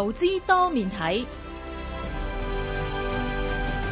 投資多面睇。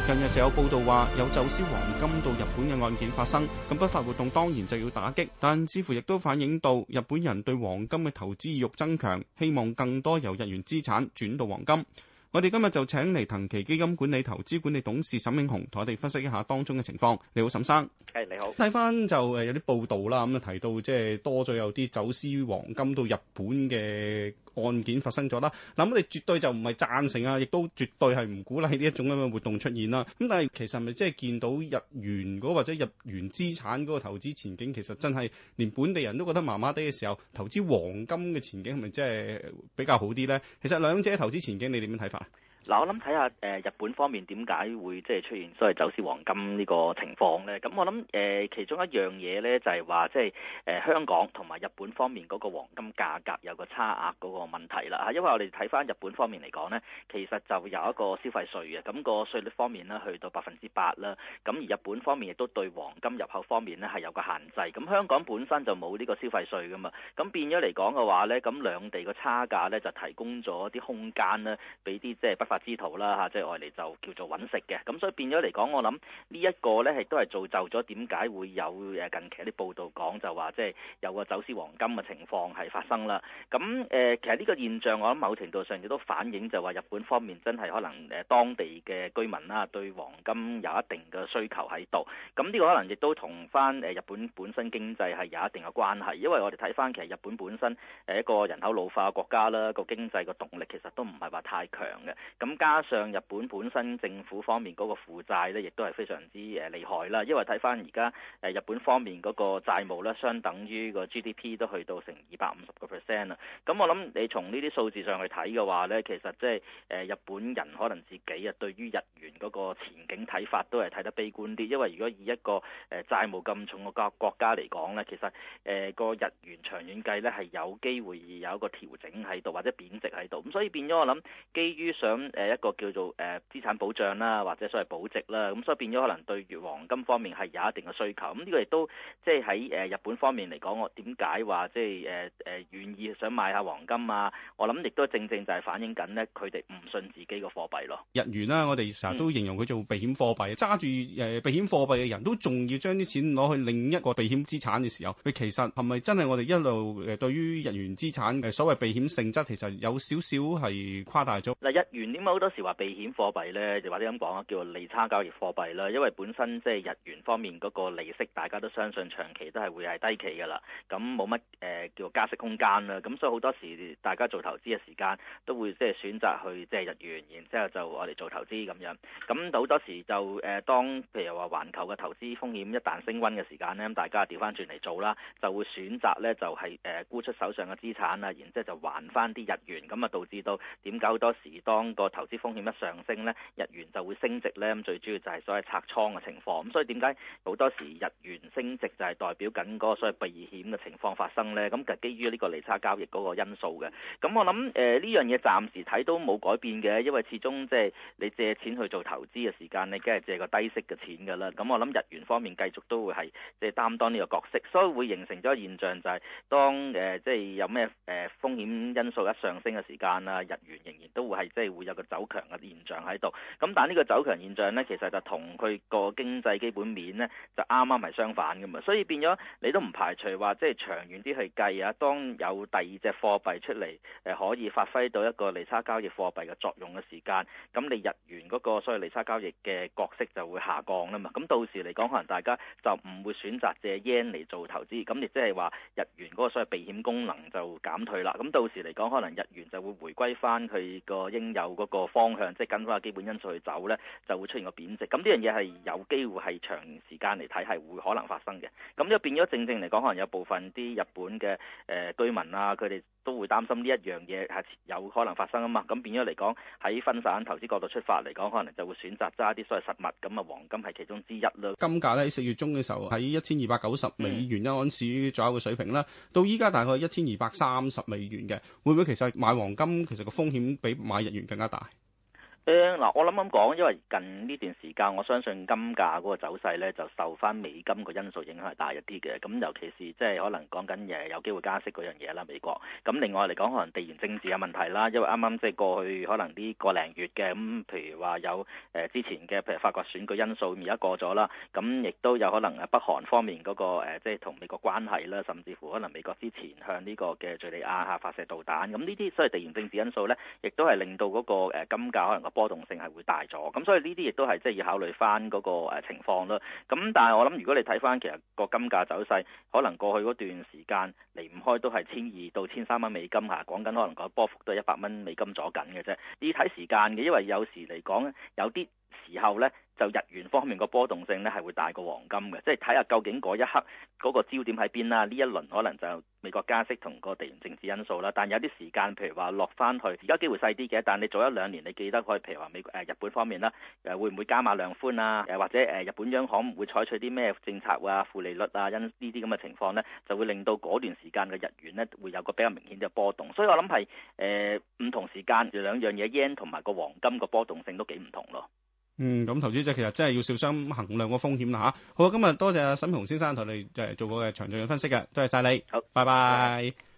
近日就有報道話有走私黃金到日本嘅案件發生，咁不法活動當然就要打擊，但似乎亦都反映到日本人對黃金嘅投資意欲增強，希望更多由日元資產轉到黃金。我哋今日就請嚟騰奇基金管理投資管理董事沈永雄同我哋分析一下當中嘅情況。你好，沈生。誒，你好。睇翻就有啲報道啦，咁啊提到即係多咗有啲走私黃金到日本嘅。案件發生咗啦，咁你哋絕對就唔係贊成啊，亦都絕對係唔鼓勵呢一種咁嘅活動出現啦、啊。咁但係其實係咪即係見到日元嗰，或者日元資產嗰個投資前景，其實真係連本地人都覺得麻麻地嘅時候，投資黃金嘅前景係咪即係比較好啲呢？其實兩者投資前景你點樣睇法？嗱，我諗睇下誒日本方面點解會即係出現所謂走私黃金呢個情況咧？咁我諗誒其中一樣嘢咧，就係話即係誒香港同埋日本方面嗰個黃金價格有個差額嗰個問題啦嚇，因為我哋睇翻日本方面嚟講咧，其實就有一個消費稅嘅，咁個稅率方面咧去到百分之八啦，咁而日本方面亦都對黃金入口方面咧係有個限制，咁香港本身就冇呢個消費稅噶嘛，咁變咗嚟講嘅話咧，咁兩地個差價咧就提供咗啲空間咧，俾啲即係不法。之徒啦嚇，即係外嚟就叫做揾食嘅，咁所以變咗嚟講。我諗呢一個咧，亦都係造就咗點解會有誒近期啲報道講，就話即係有個走私黃金嘅情況係發生啦。咁誒、呃，其實呢個現象我諗某程度上亦都反映就話日本方面真係可能誒當地嘅居民啦、啊、對黃金有一定嘅需求喺度。咁呢個可能亦都同翻誒日本本身經濟係有一定嘅關係，因為我哋睇翻其實日本本身誒一個人口老化嘅國家啦，個經濟個動力其實都唔。太強嘅，咁加上日本本身政府方面嗰個負債呢，亦都係非常之誒厲害啦。因為睇翻而家誒日本方面嗰個債務呢，相等於個 GDP 都去到成二百五十個 percent 啦。咁我諗你從呢啲數字上去睇嘅話呢，其實即係誒日本人可能自己啊對於日元嗰個前景睇法都係睇得悲觀啲。因為如果以一個誒債務咁重嘅國國家嚟講呢，其實誒個日元長遠計呢，係有機會有一個調整喺度或者貶值喺度。咁所以變咗我諗。基於想誒一個叫做誒資產保障啦，或者所謂保值啦，咁所以變咗可能對黃金方面係有一定嘅需求。咁呢個亦都即係喺誒日本方面嚟講，我點解話即係誒誒願意想買下黃金正正啊？我諗亦都正正就係反映緊咧，佢哋唔信自己個貨幣咯。日元啦，我哋成日都形容佢做避險貨幣，揸住誒避險貨幣嘅人都仲要將啲錢攞去另一個避險資產嘅時候，佢其實係咪真係我哋一路誒對於日元資產誒所謂避險性質，其實有少少係誇？大嗱，日元點解好多時話避險貨幣咧？就或者咁講啊，叫做利差交易貨幣啦。因為本身即係日元方面嗰個利息，大家都相信長期都係會係低企噶啦。咁冇乜誒叫做加息空間啦。咁所以好多時大家做投資嘅時間，都會即係選擇去即係日元，然之後就我哋做投資咁樣。咁好多時就誒，當、呃、譬如話環球嘅投資風險一旦升溫嘅時間咧，咁大家調翻轉嚟做啦，就會選擇咧就係、是、誒、呃、沽出手上嘅資產啊，然之後就還翻啲日元，咁啊導致到點解？好多時當個投資風險一上升咧，日元就會升值咧。咁最主要就係所謂拆倉嘅情況。咁所以點解好多時日元升值就係代表緊嗰個所謂避險嘅情況發生咧？咁就基於呢個利差交易嗰個因素嘅。咁我諗誒呢樣嘢暫時睇都冇改變嘅，因為始終即係你借錢去做投資嘅時間，你梗係借個低息嘅錢㗎啦。咁我諗日元方面繼續都會係即係擔當呢個角色，所以會形成咗個現象就係、是、當誒、呃、即係有咩誒、呃、風險因素一上升嘅時間啦，日元仍。亦都會係即係會有個走強嘅現象喺度，咁但係呢個走強現象呢，其實就同佢個經濟基本面呢，就啱啱係相反嘅嘛，所以變咗你都唔排除話即係長遠啲去計啊，當有第二隻貨幣出嚟誒、呃、可以發揮到一個利差交易貨幣嘅作用嘅時間，咁你日元嗰個所謂利差交易嘅角色就會下降啦嘛，咁到時嚟講可能大家就唔會選擇借 yen 嚟做投資，咁亦即係話日元嗰個所謂避險功能就減退啦，咁到時嚟講可能日元就會回歸返佢。個應有嗰個方向，即係跟翻個基本因素去走咧，就會出現個貶值。咁呢樣嘢係有機會係長時間嚟睇係會可能發生嘅。咁又變咗正正嚟講，可能有部分啲日本嘅誒居民啊，佢哋都會擔心呢一樣嘢係有可能發生啊嘛。咁變咗嚟講，喺分散投資角度出發嚟講，可能就會選擇揸啲所謂實物，咁啊黃金係其中之一咯。金價咧喺四月中嘅時候喺一千二百九十美元一盎司左右嘅水平啦，到依家大概一千二百三十美元嘅，會唔會其實買黃金其實個風險比買日元更加大？嗱、嗯，我諗諗講，因為近呢段時間，我相信金價嗰個走勢咧，就受翻美金個因素影響係大一啲嘅。咁尤其是即係可能講緊嘢，有機會加息嗰樣嘢啦，美國。咁另外嚟講，可能地緣政治有問題啦，因為啱啱即係過去可能呢個零月嘅，咁、嗯、譬如話有誒、呃、之前嘅譬如法國選舉因素，而家過咗啦。咁、嗯、亦都有可能誒北韓方面嗰、那個、呃、即係同美國關係啦，甚至乎可能美國之前向呢個嘅敍利亞發射導彈。咁呢啲所謂地緣政治因素咧，亦都係令到嗰個金價可能個。波動性係會大咗，咁所以呢啲亦都係即係要考慮翻嗰個情況啦。咁但係我諗，如果你睇翻其實個金價走勢，可能過去嗰段時間離唔開都係千二到千三蚊美金嚇，講緊可能個波幅都係一百蚊美金咗緊嘅啫。你要睇時間嘅，因為有時嚟講，有啲時候呢。就日元方面個波動性咧，係會大過黃金嘅，即係睇下究竟嗰一刻嗰個焦點喺邊啦。呢一輪可能就美國加息同個地緣政治因素啦。但有啲時間，譬如話落翻去，而家機會細啲嘅。但你早一兩年，你記得佢譬如話美誒日本方面啦，誒會唔會加碼量寬啊？誒或者誒日本央行唔會採取啲咩政策啊？負利率啊？因呢啲咁嘅情況咧，就會令到嗰段時間嘅日元咧會有個比較明顯嘅波動。所以我諗係誒唔同時間兩樣嘢 yen 同埋個黃金個波動性都幾唔同咯。嗯，咁投資者其實真係要小心衡量個風險啦吓。好，啊，今日多謝沈洪先生同你誒做過嘅詳盡嘅分析嘅，多謝晒你。好，拜拜。拜拜。